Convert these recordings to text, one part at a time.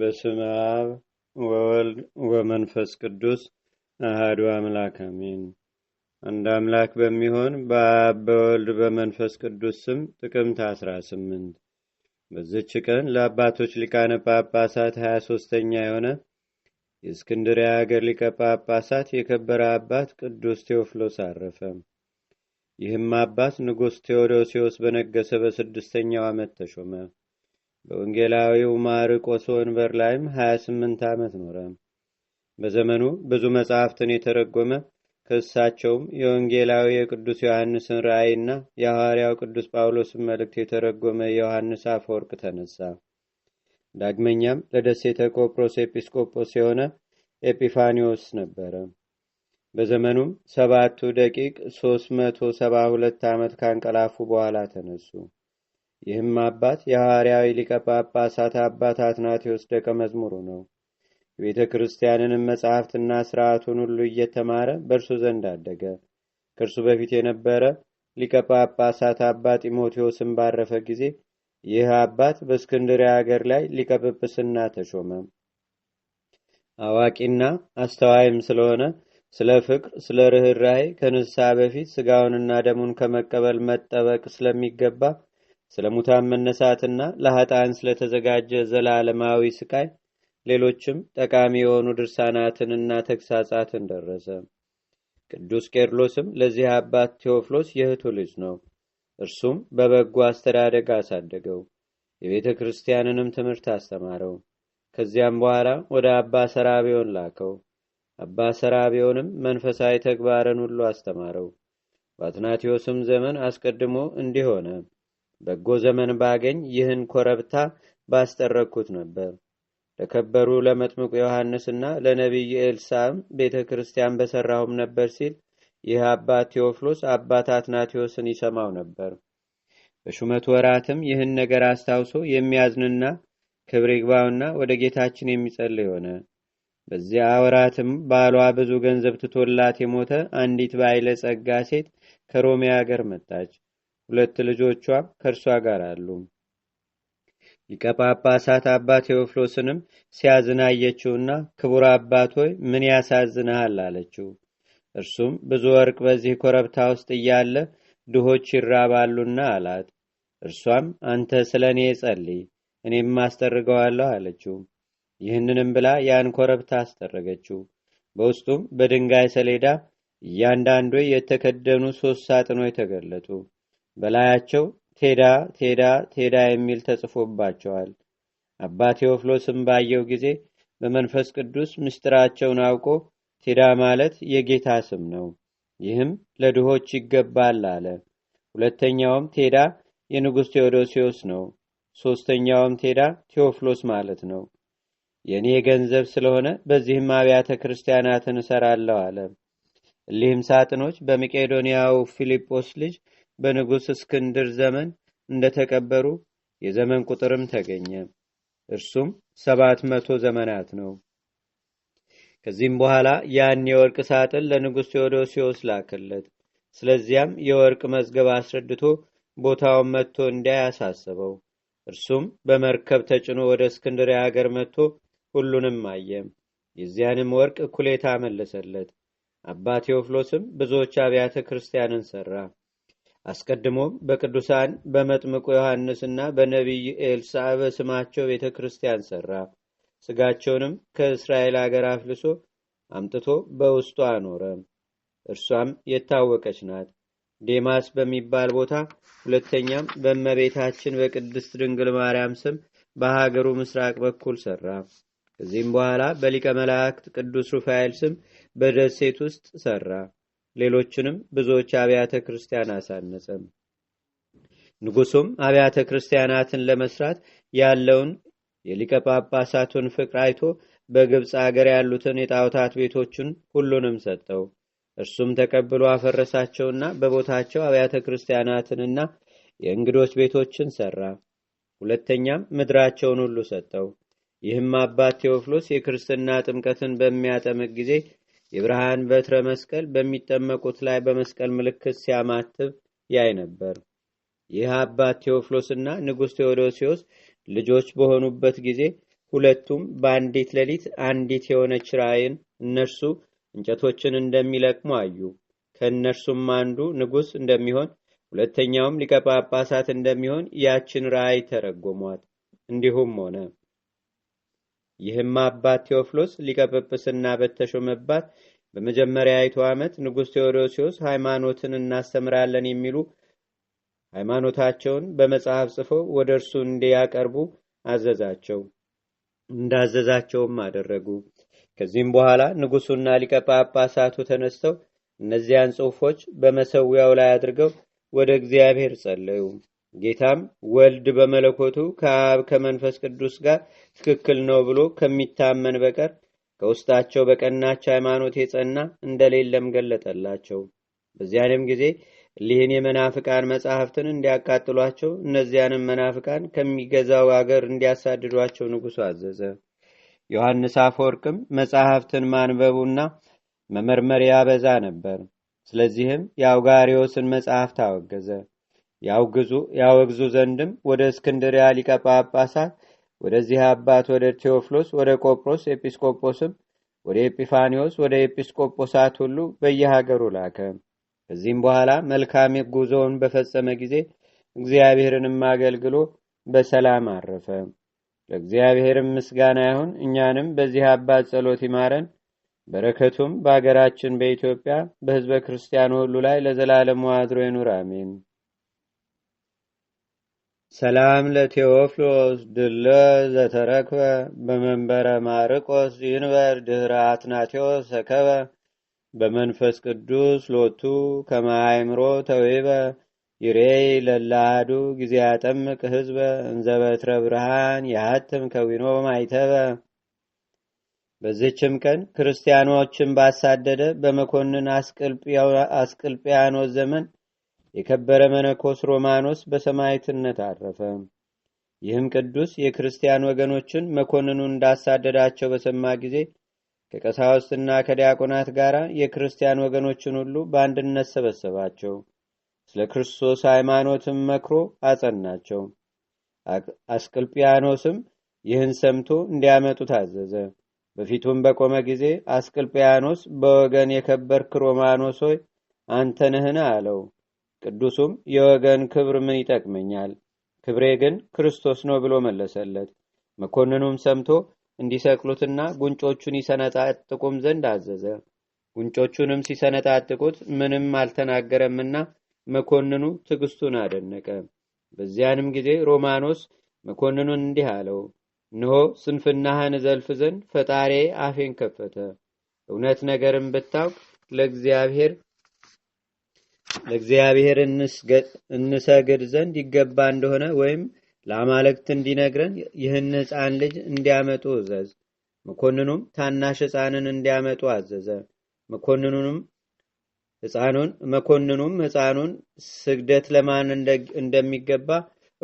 በስመ አብ ወወልድ ወመንፈስ ቅዱስ አህዱ አምላክ አሜን። አንድ አምላክ በሚሆን በአብ በወልድ በመንፈስ ቅዱስ ስም ጥቅምት 18 በዝች ቀን ለአባቶች ሊቃነ ጳጳሳት 23ተኛ የሆነ የእስክንድሪያ አገር ሊቀ ጳጳሳት የከበረ አባት ቅዱስ ቴዎፍሎስ አረፈ። ይህም አባት ንጉሥ ቴዎዶሲዎስ በነገሰ በስድስተኛው ዓመት ተሾመ። በወንጌላዊው ማርቆስ ወንበር ላይም 28 ዓመት ኖረ። በዘመኑ ብዙ መጻሕፍትን የተረጎመ ከእሳቸውም የወንጌላዊ የቅዱስ ዮሐንስን ራእይና የሐዋርያው ቅዱስ ጳውሎስን መልእክት የተረጎመ ዮሐንስ አፈወርቅ ተነሳ። ዳግመኛም ለደሴተ ቆጵሮስ ኤጲስቆጶስ የሆነ ኤጲፋኒዎስ ነበረ። በዘመኑም ሰባቱ ደቂቅ 372 ዓመት ካንቀላፉ በኋላ ተነሱ። ይህም አባት የሐዋርያዊ ሊቀ ጳጳሳት አባት አትናቴዎስ ደቀ መዝሙሩ ነው። የቤተ ክርስቲያንንም መጻሕፍትና ሥርዓቱን ሁሉ እየተማረ በእርሱ ዘንድ አደገ። ከእርሱ በፊት የነበረ ሊቀ ጳጳሳት አባ ጢሞቴዎስን ባረፈ ጊዜ ይህ አባት በእስክንድሪ አገር ላይ ሊቀ ጵጵስና ተሾመ። አዋቂና አስተዋይም ስለሆነ ስለ ፍቅር፣ ስለ ርኅራይ ከንስሐ በፊት ሥጋውንና ደሙን ከመቀበል መጠበቅ ስለሚገባ ስለ ሙታን መነሳትና ለኃጣን ስለተዘጋጀ ዘላለማዊ ስቃይ ሌሎችም ጠቃሚ የሆኑ ድርሳናትንና ተግሳጻትን ደረሰ። ቅዱስ ቄርሎስም ለዚህ አባት ቴዎፍሎስ የእህቱ ልጅ ነው። እርሱም በበጎ አስተዳደግ አሳደገው፣ የቤተ ክርስቲያንንም ትምህርት አስተማረው። ከዚያም በኋላ ወደ አባ ሰራቢዮን ላከው። አባ ሰራቢዮንም መንፈሳዊ ተግባርን ሁሉ አስተማረው። በአትናቴዎስም ዘመን አስቀድሞ እንዲህ ሆነ። በጎ ዘመን ባገኝ ይህን ኮረብታ ባስጠረኩት ነበር። ለከበሩ ለመጥምቁ ዮሐንስና ለነቢይ ኤልሳም ቤተ ክርስቲያን በሠራሁም ነበር ሲል ይህ አባት ቴዎፍሎስ አባት አትናቴዎስን ይሰማው ነበር። በሹመቱ ወራትም ይህን ነገር አስታውሶ የሚያዝንና ክብር ይግባውና ወደ ጌታችን የሚጸልይ ሆነ። በዚያ ወራትም ባሏ ብዙ ገንዘብ ትቶላት የሞተ አንዲት ባይለ ጸጋ ሴት ከሮሜ አገር መጣች። ሁለት ልጆቿም ከእርሷ ጋር አሉ። ሊቀ ጳጳሳት አባ ቴዎፍሎስንም ሲያዝን አየችውና ክቡር አባት ሆይ ምን ያሳዝንሃል? አለችው። እርሱም ብዙ ወርቅ በዚህ ኮረብታ ውስጥ እያለ ድሆች ይራባሉና አላት። እርሷም አንተ ስለ እኔ ጸልይ፣ እኔም አስጠርገዋለሁ አለችው። ይህንንም ብላ ያን ኮረብታ አስጠረገችው። በውስጡም በድንጋይ ሰሌዳ እያንዳንዱ የተከደኑ ሦስት ሳጥኖች ተገለጡ። በላያቸው ቴዳ ቴዳ ቴዳ የሚል ተጽፎባቸዋል። አባ ቴዎፍሎስም ባየው ጊዜ በመንፈስ ቅዱስ ምስጢራቸውን አውቆ ቴዳ ማለት የጌታ ስም ነው፣ ይህም ለድሆች ይገባል አለ። ሁለተኛውም ቴዳ የንጉሥ ቴዎዶሲዎስ ነው። ሦስተኛውም ቴዳ ቴዎፍሎስ ማለት ነው። የእኔ ገንዘብ ስለሆነ በዚህም አብያተ ክርስቲያናትን እሰራለሁ አለ። እሊህም ሳጥኖች በመቄዶንያው ፊልጶስ ልጅ በንጉሥ እስክንድር ዘመን እንደተቀበሩ የዘመን ቁጥርም ተገኘ። እርሱም ሰባት መቶ ዘመናት ነው። ከዚህም በኋላ ያን የወርቅ ሳጥን ለንጉሥ ቴዎዶሲዎስ ላከለት። ስለዚያም የወርቅ መዝገብ አስረድቶ ቦታውን መጥቶ እንዲያይ አሳስበው። እርሱም በመርከብ ተጭኖ ወደ እስክንድር አገር መጥቶ ሁሉንም አየም። የዚያንም ወርቅ እኩሌታ መለሰለት። አባ ቴዎፍሎስም ብዙዎች አብያተ ክርስቲያንን ሠራ። አስቀድሞም በቅዱሳን በመጥምቁ ዮሐንስና በነቢይ ኤልሳ በስማቸው ቤተ ክርስቲያን ሠራ። ሥጋቸውንም ከእስራኤል አገር አፍልሶ አምጥቶ በውስጡ አኖረ። እርሷም የታወቀች ናት። ዴማስ በሚባል ቦታ ሁለተኛም በመቤታችን በቅድስት ድንግል ማርያም ስም በሀገሩ ምስራቅ በኩል ሠራ። ከዚህም በኋላ በሊቀ መላእክት ቅዱስ ሩፋኤል ስም በደሴት ውስጥ ሠራ። ሌሎችንም ብዙዎች አብያተ ክርስቲያን አሳነጸም። ንጉሱም አብያተ ክርስቲያናትን ለመስራት ያለውን የሊቀ ጳጳሳቱን ፍቅር አይቶ በግብፅ አገር ያሉትን የጣውታት ቤቶችን ሁሉንም ሰጠው። እርሱም ተቀብሎ አፈረሳቸውና በቦታቸው አብያተ ክርስቲያናትንና የእንግዶች ቤቶችን ሰራ። ሁለተኛም ምድራቸውን ሁሉ ሰጠው። ይህም አባት ቴዎፍሎስ የክርስትና ጥምቀትን በሚያጠምቅ ጊዜ የብርሃን በትረ መስቀል በሚጠመቁት ላይ በመስቀል ምልክት ሲያማትብ ያይ ነበር። ይህ አባት ቴዎፍሎስና ንጉሥ ቴዎዶሲዎስ ልጆች በሆኑበት ጊዜ ሁለቱም በአንዲት ሌሊት አንዲት የሆነች ራእይን እነርሱ እንጨቶችን እንደሚለቅሙ አዩ። ከእነርሱም አንዱ ንጉሥ እንደሚሆን ሁለተኛውም ሊቀ ጳጳሳት እንደሚሆን ያችን ራእይ ተረጎሟት። እንዲሁም ሆነ። ይህም አባት ቴዎፍሎስ ሊቀጵጵስና በተሾመባት በመጀመሪያይቱ ዓመት ንጉሥ ቴዎዶሲዎስ ሃይማኖትን እናስተምራለን የሚሉ ሃይማኖታቸውን በመጽሐፍ ጽፈው ወደ እርሱ እንዲያቀርቡ አዘዛቸው እንዳዘዛቸውም አደረጉ ከዚህም በኋላ ንጉሱና ሊቀ ጳጳሳቱ ተነስተው እነዚያን ጽሑፎች በመሰዊያው ላይ አድርገው ወደ እግዚአብሔር ጸለዩ ጌታም ወልድ በመለኮቱ ከአብ ከመንፈስ ቅዱስ ጋር ትክክል ነው ብሎ ከሚታመን በቀር ከውስጣቸው በቀናች ሃይማኖት የጸና እንደሌለም ገለጠላቸው። በዚያንም ጊዜ ሊህን የመናፍቃን መጻሕፍትን እንዲያቃጥሏቸው እነዚያንም መናፍቃን ከሚገዛው አገር እንዲያሳድዷቸው ንጉሡ አዘዘ። ዮሐንስ አፈወርቅም መጻሕፍትን ማንበቡና መመርመር ያበዛ ነበር። ስለዚህም የአውጋሪዎስን መጽሐፍ ታወገዘ። ያወግዙ ዘንድም ወደ እስክንድሪያ ሊቀ ጳጳሳት ወደዚህ አባት ወደ ቴዎፍሎስ፣ ወደ ቆጵሮስ ኤጲስቆጶስም፣ ወደ ኤጲፋኒዎስ፣ ወደ ኤጲስቆጶሳት ሁሉ በየሀገሩ ላከ። ከዚህም በኋላ መልካም ጉዞውን በፈጸመ ጊዜ እግዚአብሔርንም አገልግሎ በሰላም አረፈ። ለእግዚአብሔርም ምስጋና ይሁን። እኛንም በዚህ አባት ጸሎት ይማረን። በረከቱም በአገራችን በኢትዮጵያ በህዝበ ክርስቲያኑ ሁሉ ላይ ለዘላለሙ አድሮ ይኑር። አሜን። ሰላም ለቴዎፍሎስ ድለ ዘተረክበ በመንበረ ማርቆስ ይንበር ድህረ አትናቴዎስ ሰከበ በመንፈስ ቅዱስ ሎቱ ከማይምሮ ተዌበ ይሬይ ለላዱ ጊዜ ያጠምቅ ህዝበ እንዘበትረ ብርሃን የሀትም ከዊኖ ማይተበ በዚችም ቀን ክርስቲያኖችን ባሳደደ በመኮንን አስቅልጵያኖስ ዘመን የከበረ መነኮስ ሮማኖስ በሰማይትነት አረፈ። ይህም ቅዱስ የክርስቲያን ወገኖችን መኮንኑ እንዳሳደዳቸው በሰማ ጊዜ ከቀሳውስትና ከዲያቆናት ጋር የክርስቲያን ወገኖችን ሁሉ በአንድነት ሰበሰባቸው። ስለ ክርስቶስ ሃይማኖትም መክሮ አጸናቸው። አስቅልጵያኖስም ይህን ሰምቶ እንዲያመጡ ታዘዘ። በፊቱም በቆመ ጊዜ አስቅልጵያኖስ በወገን የከበርክ ሮማኖስ ሆይ አንተ ነህን? አለው። ቅዱሱም የወገን ክብር ምን ይጠቅመኛል? ክብሬ ግን ክርስቶስ ነው ብሎ መለሰለት። መኮንኑም ሰምቶ እንዲሰቅሉትና ጉንጮቹን ይሰነጣጥቁም ዘንድ አዘዘ። ጉንጮቹንም ሲሰነጣጥቁት ምንም አልተናገረምና መኮንኑ ትግስቱን አደነቀ። በዚያንም ጊዜ ሮማኖስ መኮንኑን እንዲህ አለው፣ እነሆ ስንፍናህን ዘልፍ ዘንድ ፈጣሬ አፌን ከፈተ። እውነት ነገርም ብታውቅ ለእግዚአብሔር ለእግዚአብሔር እንሰግድ ዘንድ ይገባ እንደሆነ ወይም ለአማልክት እንዲነግረን ይህን ሕፃን ልጅ እንዲያመጡ እዘዝ። መኮንኑም ታናሽ ሕፃንን እንዲያመጡ አዘዘ። መኮንኑም ሕፃኑን ስግደት ለማን እንደሚገባ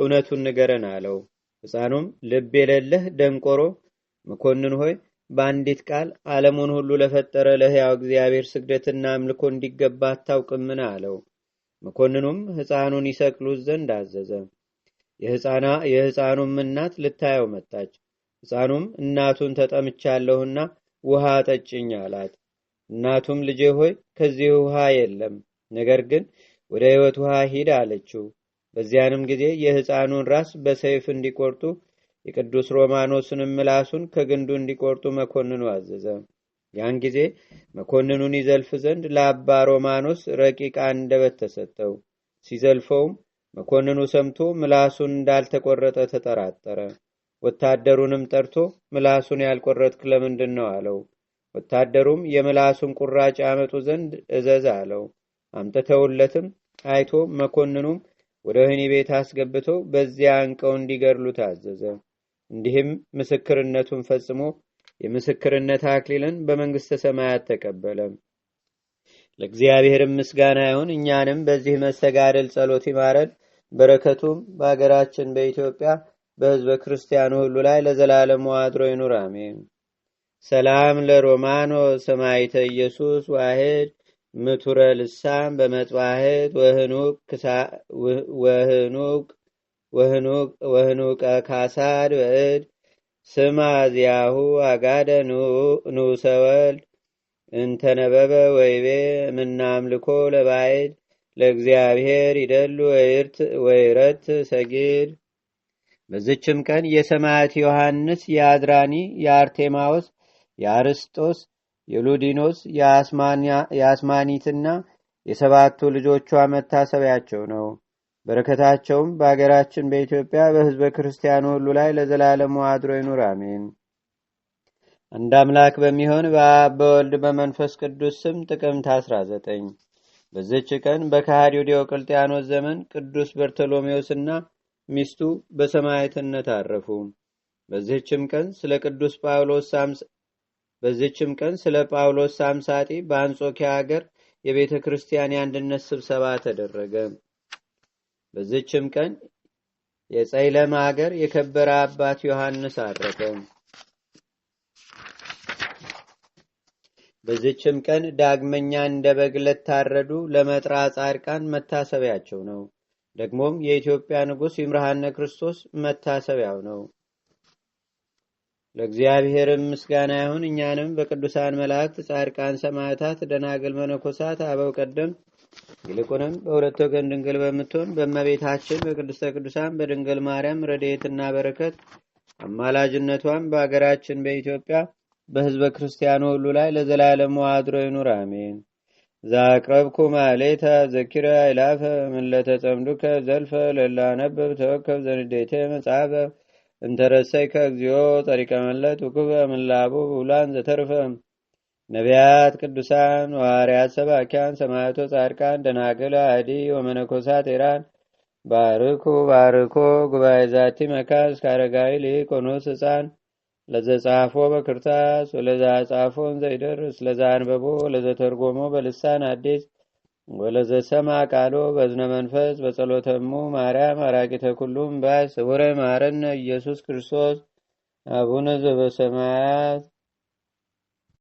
እውነቱን ንገረን አለው። ሕፃኑም ልብ የሌለህ ደንቆሮ መኮንን ሆይ በአንዲት ቃል ዓለሙን ሁሉ ለፈጠረ ለሕያው እግዚአብሔር ስግደትና አምልኮ እንዲገባ አታውቅምን አለው። መኮንኑም ሕፃኑን ይሰቅሉት ዘንድ አዘዘ። የሕፃኑም እናት ልታየው መጣች። ሕፃኑም እናቱን ተጠምቻለሁና ውሃ ጠጭኝ አላት። እናቱም ልጄ ሆይ ከዚህ ውሃ የለም፣ ነገር ግን ወደ ሕይወት ውሃ ሂድ አለችው። በዚያንም ጊዜ የሕፃኑን ራስ በሰይፍ እንዲቆርጡ የቅዱስ ሮማኖስንም ምላሱን ከግንዱ እንዲቆርጡ መኮንኑ አዘዘ። ያን ጊዜ መኮንኑን ይዘልፍ ዘንድ ለአባ ሮማኖስ ረቂቅ አንደበት ተሰጠው። ሲዘልፈውም መኮንኑ ሰምቶ ምላሱን እንዳልተቆረጠ ተጠራጠረ። ወታደሩንም ጠርቶ ምላሱን ያልቆረጥክ ለምንድን ነው አለው። ወታደሩም የምላሱን ቁራጭ አመጡ ዘንድ እዘዝ አለው። አምጥተውለትም አይቶ መኮንኑም ወደ ወህኒ ቤት አስገብተው በዚያ አንቀው እንዲገድሉ ታዘዘ። እንዲህም ምስክርነቱን ፈጽሞ የምስክርነት አክሊልን በመንግሥተ ሰማያት ተቀበለ። ለእግዚአብሔርም ምስጋና ይሁን። እኛንም በዚህ መስተጋደል ጸሎት ይማረን። በረከቱም በአገራችን በኢትዮጵያ በህዝበ ክርስቲያኑ ሁሉ ላይ ለዘላለሙ ዋድሮ ይኑር፣ አሜን። ሰላም ለሮማኖ ሰማይተ ኢየሱስ ዋህድ ምቱረ ልሳም በመጽዋህት ወህኑቅ ወህኑቀ ካሳድ በእድ ስማዝያሁ አጋደ ኑሰወል እንተነበበ ወይቤ ምናምልኮ ለባይድ ለእግዚአብሔር ይደሉ ወይረት ሰጊድ በዝችም ቀን የሰማያት ዮሐንስ የአድራኒ የአርቴማዎስ የአርስጦስ የሉዲኖስ የአስማኒትና የሰባቱ ልጆቿ መታሰቢያቸው ነው በረከታቸውም በአገራችን በኢትዮጵያ በህዝበ ክርስቲያኑ ሁሉ ላይ ለዘላለሙ አድሮ ይኑር፣ አሜን። አንድ አምላክ በሚሆን በአብ በወልድ በመንፈስ ቅዱስ ስም ጥቅምት 19 በዚች ቀን በካህዲው ዲዮቅልጥያኖስ ዘመን ቅዱስ በርቶሎሜዎስና ሚስቱ በሰማዕትነት አረፉ። በዚህችም ቀን ስለ ቅዱስ ጳውሎስ በዚህችም ቀን ስለ ጳውሎስ ሳምሳጢ በአንጾኪያ አገር የቤተ ክርስቲያን የአንድነት ስብሰባ ተደረገ። በዝችም ቀን የጸይለም አገር የከበረ አባት ዮሐንስ አረፈ። በዝችም ቀን ዳግመኛ እንደ በግ ለታረዱ ለመጥራ ጻድቃን መታሰቢያቸው ነው። ደግሞም የኢትዮጵያ ንጉሥ ይምርሃነ ክርስቶስ መታሰቢያው ነው። ለእግዚአብሔርም ምስጋና ይሁን። እኛንም በቅዱሳን መላእክት፣ ጻድቃን፣ ሰማዕታት፣ ደናግል፣ መነኮሳት፣ አበው ቀደምት ይልቁንም በሁለት ወገን ድንግል በምትሆን በእመቤታችን በቅድስተ ቅዱሳን በድንግል ማርያም ረድኤትና በረከት አማላጅነቷን በአገራችን በኢትዮጵያ በህዝበ ክርስቲያኑ ሁሉ ላይ ለዘላለሙ አድሮ ይኑር፣ አሜን። ዛቅረብኩ ማሌታ ዘኪረ አይላፈ ምለተ ጸምዱከ ዘልፈ ለላ ነበብ ተወከብ ዘንዴቴ መጽሐፈ እንተረሰይከ እግዚኦ መለት ውክበ ምላቡ ውላን ዘተርፈ ነቢያት፣ ቅዱሳን፣ ዋርያት፣ ሰባኪያን፣ ሰማያቶ፣ ጻድቃን፣ ደናግል፣ አህዲ ወመነኮሳት ኢራን ባርኩ ባርኮ ጉባኤ ዛቲ መካስ ካረጋዊ ሊቆኖስ ህፃን ለዘጻፎ በክርታስ ወለዛ ጻፎን ዘይደርስ ለዛ አንበቦ ለዘተርጎሞ በልሳን አዲስ ወለዘሰማ ቃሎ በዝነ መንፈስ በጸሎተሙ ማርያም አራቂተ ኩሉም ባይ ስውረ ማረነ ኢየሱስ ክርስቶስ አቡነ ዘበሰማያት